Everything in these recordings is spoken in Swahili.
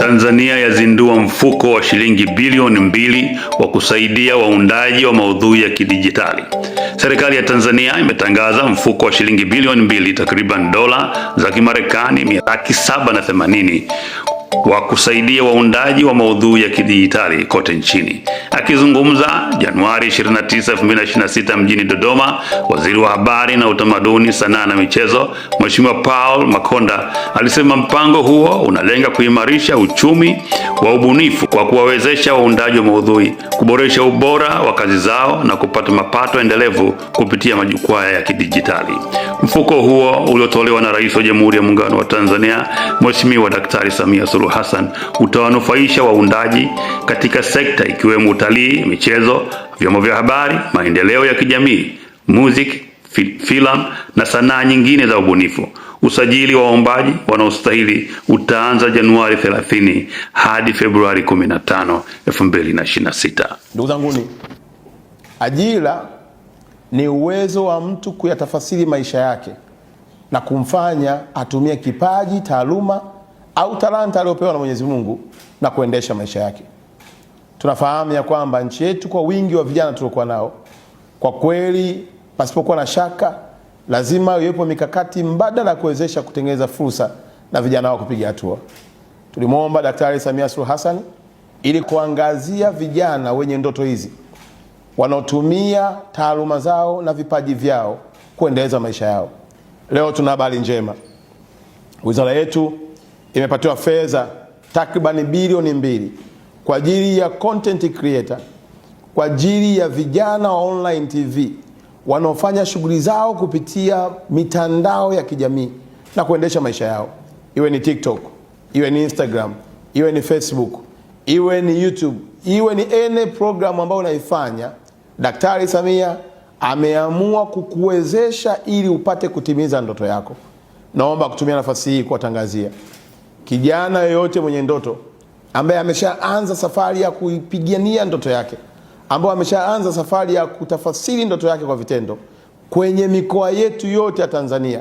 Tanzania yazindua mfuko wa shilingi bilioni mbili wa kusaidia waundaji wa maudhui ya kidijitali. Serikali ya Tanzania imetangaza mfuko wa shilingi bilioni mbili takriban dola za Kimarekani laki saba na themanini wa kusaidia waundaji wa maudhui ya kidijitali kote nchini. Akizungumza Januari 29, 2026 mjini Dodoma, waziri wa habari na utamaduni, sanaa na michezo, Mheshimiwa Paul Makonda alisema mpango huo unalenga kuimarisha uchumi wa ubunifu kwa kuwawezesha waundaji wa maudhui kuboresha ubora wa kazi zao na kupata mapato endelevu kupitia majukwaa ya kidijitali. Mfuko huo uliotolewa na Rais wa Jamhuri ya Muungano wa Tanzania Mheshimiwa Daktari Samia Suluhu Hassan utawanufaisha waundaji katika sekta ikiwemo utalii, michezo vyombo vya habari, maendeleo ya kijamii, muziki, filamu na sanaa nyingine za ubunifu. Usajili wa waombaji wanaostahili utaanza Januari 30 hadi Februari 15, 2026. Ndugu zanguni, ajira ni uwezo wa mtu kuyatafasiri maisha yake na kumfanya atumie kipaji, taaluma au talanta aliyopewa na Mwenyezi Mungu na kuendesha maisha yake tunafahamu ya kwamba nchi yetu kwa wingi wa vijana tuliokuwa nao, kwa kweli, pasipokuwa na shaka, lazima iwepo mikakati mbadala ya kuwezesha kutengeneza fursa na vijana wao kupiga hatua. Tulimwomba Daktari Samia Suluhu Hassan ili kuangazia vijana wenye ndoto hizi wanaotumia taaluma zao na vipaji vyao kuendeleza maisha yao. Leo tuna habari njema, wizara yetu imepatiwa fedha takribani bilioni mbili kwa ajili ya content creator, kwa ajili ya vijana wa online TV wanaofanya shughuli zao kupitia mitandao ya kijamii na kuendesha maisha yao, iwe ni TikTok, iwe ni Instagram, iwe ni Facebook, iwe ni YouTube, iwe ni any program ambayo unaifanya. Daktari Samia ameamua kukuwezesha ili upate kutimiza ndoto yako. Naomba kutumia nafasi hii kuwatangazia kijana yoyote mwenye ndoto ambaye ameshaanza safari ya kuipigania ndoto yake, ambaye ameshaanza safari ya kutafasiri ndoto yake kwa vitendo kwenye mikoa yetu yote ya Tanzania,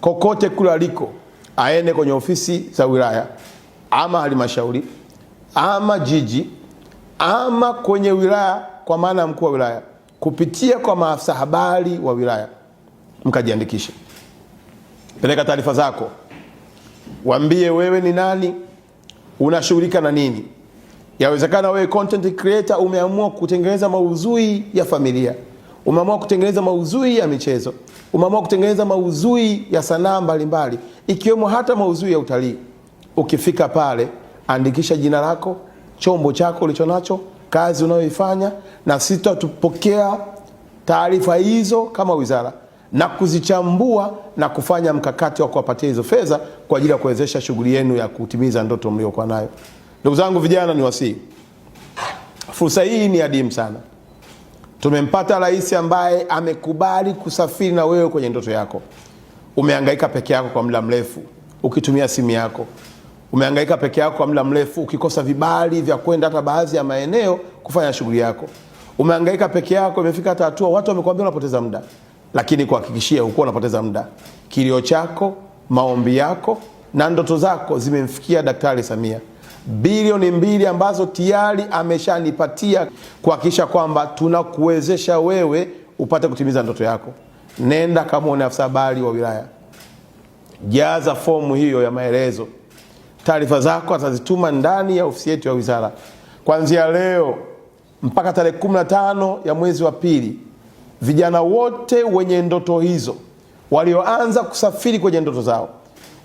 kokote kule aliko, aende kwenye ofisi za wilaya ama halmashauri ama jiji ama kwenye wilaya, kwa maana ya mkuu wa wilaya, kupitia kwa maafisa habari wa wilaya, mkajiandikishe. Peleka taarifa zako, waambie wewe ni nani unashughulika na nini? Yawezekana wewe content creator umeamua kutengeneza maudhui ya familia, umeamua kutengeneza maudhui ya michezo, umeamua kutengeneza maudhui ya sanaa mbalimbali, ikiwemo hata maudhui ya utalii. Ukifika pale, andikisha jina lako, chombo chako ulichonacho, kazi unayoifanya, na sisi tutapokea taarifa hizo kama wizara na kuzichambua na kufanya mkakati wa kuwapatia hizo fedha kwa ajili ya kuwezesha shughuli yenu ya kutimiza ndoto mliokuwa nayo. Ndugu zangu vijana, ni wasii, fursa hii ni adimu sana. Tumempata rais ambaye amekubali kusafiri na wewe kwenye ndoto yako. Umehangaika peke yako kwa muda mrefu ukitumia simu yako, umehangaika peke yako kwa muda mrefu ukikosa vibali vya kwenda hata baadhi ya maeneo kufanya shughuli yako, umehangaika peke yako, imefika hata hatua watu wamekuambia unapoteza muda lakini kuhakikishia hukuwa unapoteza muda. Kilio chako, maombi yako na ndoto zako zimemfikia Daktari Samia, bilioni mbili ambazo tayari ameshanipatia kuhakikisha kwamba tunakuwezesha wewe upate kutimiza ndoto yako. Nenda kamwone afisa habari wa wilaya, jaza fomu hiyo ya maelezo, taarifa zako atazituma ndani ya ofisi yetu ya wizara kuanzia leo mpaka tarehe 15 ya mwezi wa pili vijana wote wenye ndoto hizo walioanza kusafiri kwenye ndoto zao,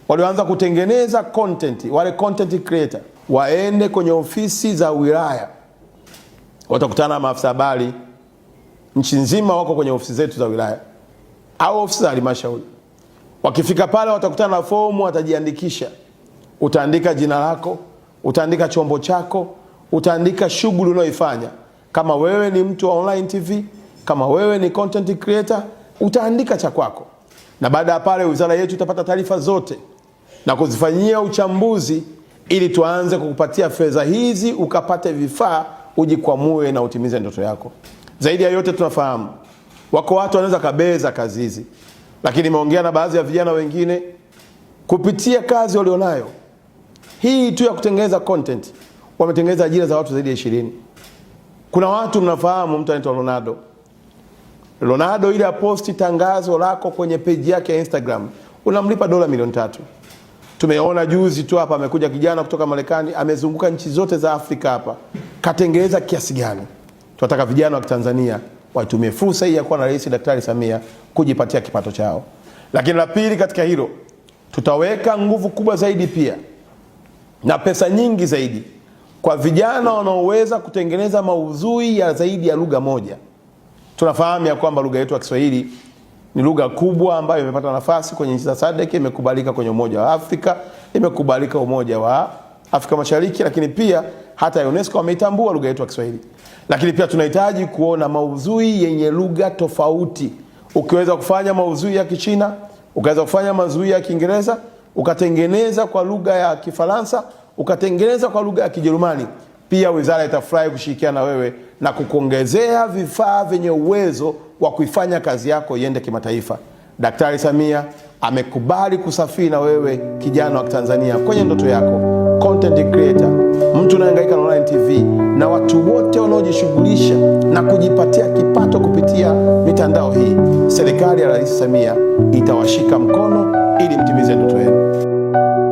walioanza kutengeneza content, wale content creator waende kwenye ofisi za wilaya, watakutana na maafisa habari nchi nzima, wako kwenye ofisi zetu za wilaya au ofisi za halmashauri. Wakifika pale, watakutana na fomu, watajiandikisha. Utaandika jina lako, utaandika chombo chako, utaandika shughuli unayoifanya, kama wewe ni mtu wa online TV kama wewe ni content creator, utaandika cha kwako, na baada ya pale wizara yetu itapata taarifa zote na kuzifanyia uchambuzi ili tuanze kukupatia fedha hizi, ukapate vifaa, ujikwamue na utimize ndoto yako. Zaidi ya yote, tunafahamu wako watu wanaweza kabeza kazi hizi, lakini nimeongea na baadhi ya vijana wengine kupitia kazi walionayo hii tu ya kutengeneza content, wametengeneza ajira za watu zaidi ya ishirini. Kuna watu mnafahamu, mtu anaitwa Ronaldo Ronaldo ile aposti tangazo lako kwenye peji yake ya Instagram unamlipa dola milioni tatu. Tumeona juzi tu hapa amekuja kijana kutoka Marekani, amezunguka nchi zote za Afrika hapa, katengeneza kiasi gani? Tunataka vijana wa Tanzania watumie fursa hii ya kuwa na Rais Daktari Samia kujipatia kipato chao. Lakini la pili katika hilo, tutaweka nguvu kubwa zaidi pia na pesa nyingi zaidi kwa vijana wanaoweza kutengeneza maudhui ya zaidi ya lugha moja. Tunafahamu ya kwamba lugha yetu ya Kiswahili ni lugha kubwa ambayo imepata nafasi kwenye nchi za SADC, imekubalika kwenye Umoja wa Afrika, imekubalika Umoja wa Afrika Mashariki, lakini pia hata UNESCO wameitambua lugha yetu ya Kiswahili. Lakini pia tunahitaji kuona maudhui yenye lugha tofauti. Ukiweza kufanya maudhui ya Kichina, ukaweza kufanya maudhui ya Kiingereza, ukatengeneza kwa lugha ya Kifaransa, ukatengeneza kwa lugha ya Kijerumani. Pia wizara itafurahi kushirikiana na wewe na kukuongezea vifaa vyenye uwezo wa kuifanya kazi yako iende kimataifa. Daktari Samia amekubali kusafiri na wewe kijana wa Tanzania kwenye ndoto yako. Content creator, mtu unayehangaika na online TV na watu wote wanaojishughulisha na kujipatia kipato kupitia mitandao hii, serikali ya Rais Samia itawashika mkono ili mtimize ndoto yenu.